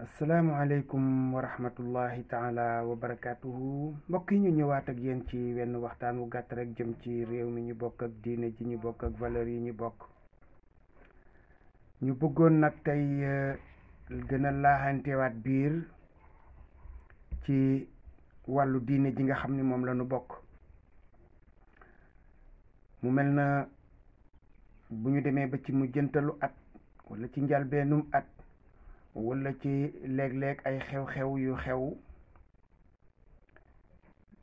asalaamualeykum wa rahmatullahi taala wa barakaatuhu mbokk yi ñu ñëwaat ak yéen ci wenn waxtaan wu gàtt rek jëm ci réew mi ñu bokk ak diine ji ñu bokk ak valeur yi ñu bokk ñu bëggoon nag tey euh, gën a laaxantewaat biir ci wàllu diine ji nga xam ni moom lañu bokk mu mel na bu ñu demee ba ci mujjantalu at wala ci njalbeenum at wala ci léeg-léeg ay xew-xew yu xew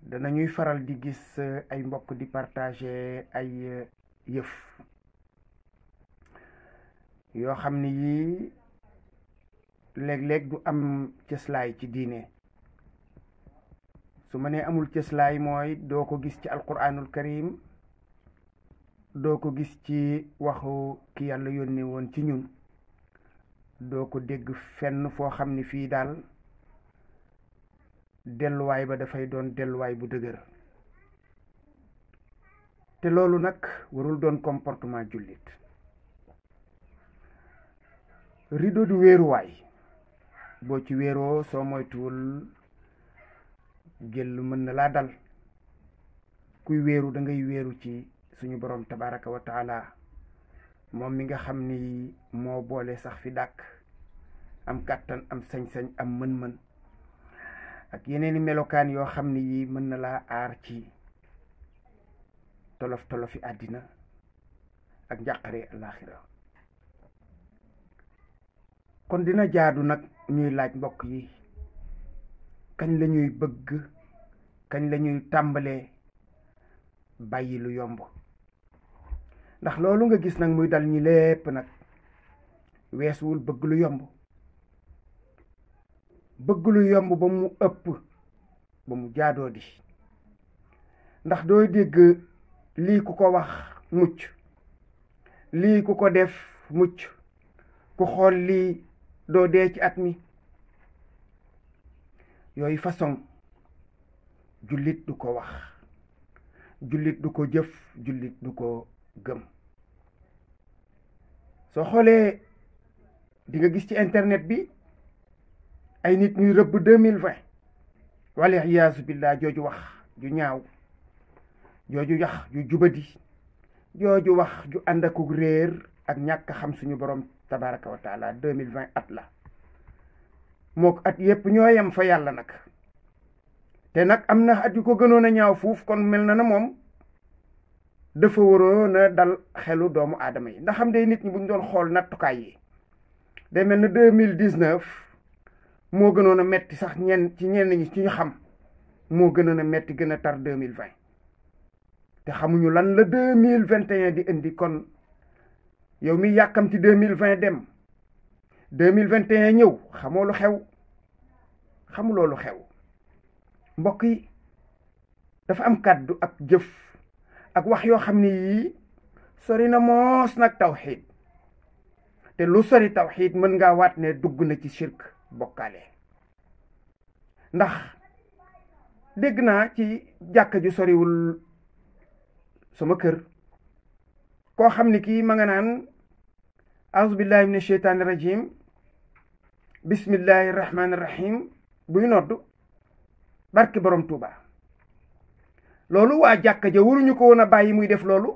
danañuy faral di gis eh, ay mbokk di partager ay eh, yëf yoo xam ni yii léeg-léeg du am cëslaay ci diine su ma nee amul cëslaay mooy doo ko gis ci alquranul karim doo ko gis ci waxu ki yàlla yónnee woon ci ñun doo ko dégg fenn foo xam ni fii daal delluwaay ba dafay doon delluwaay bu dëgër te loolu nag warul doon comportement jullit rido du wéeruwaay boo ci wéeroo soo moytuwul jël mën na laa dal kuy wéeru da wéeru ci suñu boroom tabaraka wa moom mi nga xam ni moo boole sax fi dàq am kàttan am sañ-sañ am mën-mën ak yeneeni melokaan yoo xam ne yii mën na laa aar ci tolof-tolofi àddina ak njàqare alaaxira kon dina jaadu nag ñuy laaj mbokk yi kañ la ñuy bëgg kañ la ñuy tàmbalee bàyyi lu yomb ndax loolu nga gis nag muy dal ñi lépp nag weesuwul bëgg lu yomb bëgg lu yomb ba mu ëpp ba mu jaadoo di ndax dooy dégg lii ku ko wax mucc lii ku ko def mucc ku xool lii doo dee ci at mi yooyu façon jullit du ko wax jullit du ko jëf jullit du ko gëm soo xoolee di nga gis ci internet bi ay nit ñuy rëbb deux mille vingt wala iyaasu billah jooju wax ju ñaaw jooju wax ju jubadi jooju wax ju ànd ak réer ak ñàkk xam suñu boroom tabaraka wa taala deux mille vingt at la mook at yépp ñoo yem fa yàlla nag te nag am na at yu ko gënoon a ñaaw fuuf kon mel na na moom dafa waroon dal xelu doomu aadama yi ndax xam day nit ñi buñ doon xool nattukaay yi day mel na deux mille dix moo gënoon a metti sax ñenn ci ñenn ñi ci ñu xam moo gënoon a metti gën a tar deux mille vingt te xamuñu lan la deux mille vingt et un di indi kon yow mi yàkkam ci deux mille vingt dem deux mille vingt et ñëw xamoo lu xew xamuloo lu xew mbokk yi dafa am kàddu ak jëf ak wax yoo xam ni yii sori na moos nag tawxiid te lu sori tawxiid mën ngaa waat ne dugg na ci shirk bokkaale ndax dégg naa ci jàkka ju soriwul sama kër koo xam ni kii ma nga naan aouzu billahi min sheytaani rajim bismillahi rahmaani rahim buy nodd barki borom Touba loolu waa jàkka ja waruñu ko woon a bàyyi muy def loolu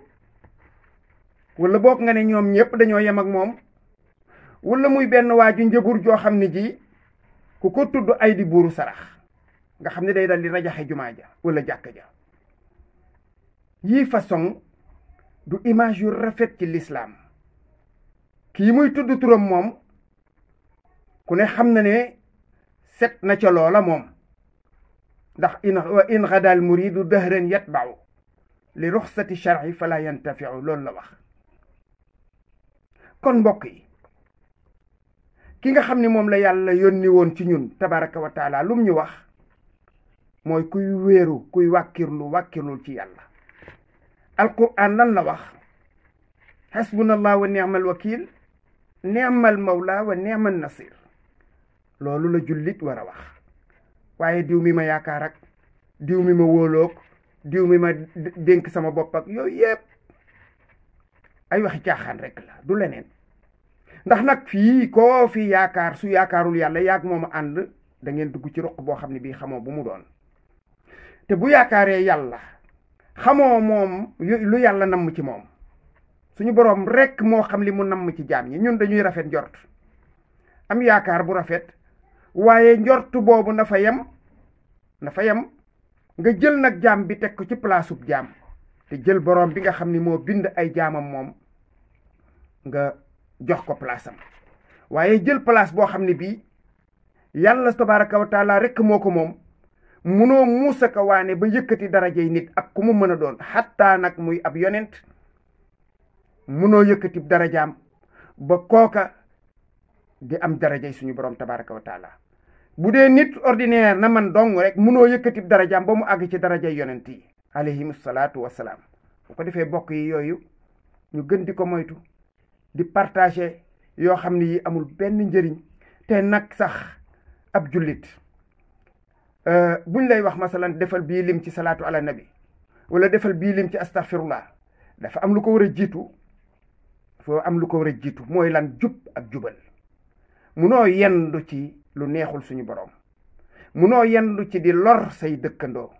wala boog nga ne ñoom ñëpp dañoo yem ak moom wala muy benn waa ju njëgur joo xam ne ji ku ko tudd ay di buuru sarax nga xam ne day daal di rajaxe jumaa ja wala jàkk ja yii façon du image yu rafet ci lislaam kii muy tudd turoom moom ku ne xam na ne set na ca loola moom ndax in wa in xadaal muridu dëhran yatbau li ruxsati sharci fala yantafiu loolu la wax kon mbokk yi ki nga xam ni moom la yàlla yónni woon ci ñun tabaraka wa taala lum ñu wax mooy kuy wéeru kuy wàkkirlu wàkkirlul ci yàlla alquran lan la wax xasbunallah wa ni'mal wakil ni'mal mawla wa ni'mal nasir loolu la jullit war a wax waaye diw mi ma yaakaar ak diw mi ma wolook diw mi ma dénk sama bopp ak yooyu yépp ay waxi caaxaan rekk la du leneen ndax nag fii koo fi yaakaar su yaakaarul yàlla yaag moom ànd da ngeen dugg ci ruq boo xam ne bii xamoo bu mu doon te bu yaakaaree yàlla xamoo moom lu yàlla namm ci moom suñu boroom rekk moo xam li mu namm ci jaam ñi ñun dañuy rafet njort am yaakaar bu rafet waaye njort boobu na fa yem na fa yem nga jël nag jaam bi teg ko ci palaasub jaam te jël boroom bi nga xam ni moo bind ay jaamam moom nga jox ko place waaye jël place boo xam ne bii yàlla tabaraka wa taala rek moo ko moom munoo muusa ka waane ba yëkkati darajey nit ak ku mu mën a doon xattaa nag muy ab yonent munoo yëkkati darajaam ba kooka di am darajey suñu borom tabaraka wa taala bu dee nit ordinaire na man dong rek munoo yëkkati darajaam ba mu àgg ci darajey yonent yi alayhim salaatu wasalaam bu ko defee bokk yi yooyu ñu gën di ko moytu di partager yoo xam ne yi amul benn njëriñ te nag sax ab jullit euh, buñ lay wax masalan defal bii lim ci salaatu ala nabi wala defal bii lim ci astaghfirullah dafa am lu ko war a jiitu foo am lu ko war a jiitu mooy lan jub ak jubal munoo yendu ci lu neexul suñu boroom munoo yendu ci di lor say dëkkandoo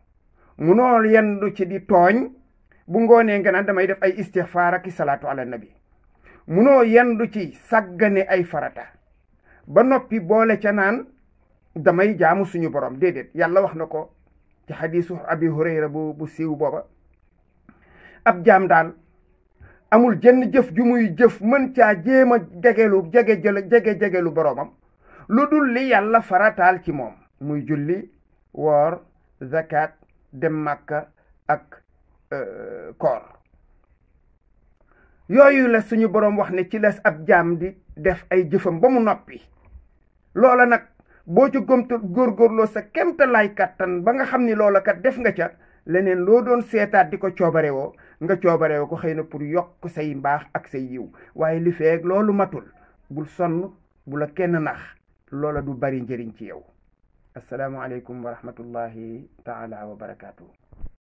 munoo yendu ci di tooñ bu ngoonee nga naan damay def ay istixfaar ak i salaatu ala nabi munoo yendu ci sàggane ay farata ba noppi boole ca naan damay jaamu suñu borom déedéet yàlla wax na ko ci xadiisu abi hurayra bu bu siiw booba ab jaam daal amul jenn jëf ju muy jëf mën caa jéem a jegelu jege jël jege jegelu boroomam lu dul li yàlla farataal ci moom muy julli woor zakat dem màkka ak euh, koor yooyu la suñu boroom wax ne ci lees ab jaam di def ay jëfam ba mu noppi loola nag boo ci góor góorgóorloo sa kemtalaay kàttan ba nga xam ni loola kat def nga ca leneen loo doon seetaat di ko coobarewoo nga coobare ko xëy na pour yokk say mbaax ak say yiw waaye li feeg loolu matul bul sonn bu la kenn nax loola du bari njëriñ ci yow asalaamaaleykum wa rahmatullahi taala wa barakaatu.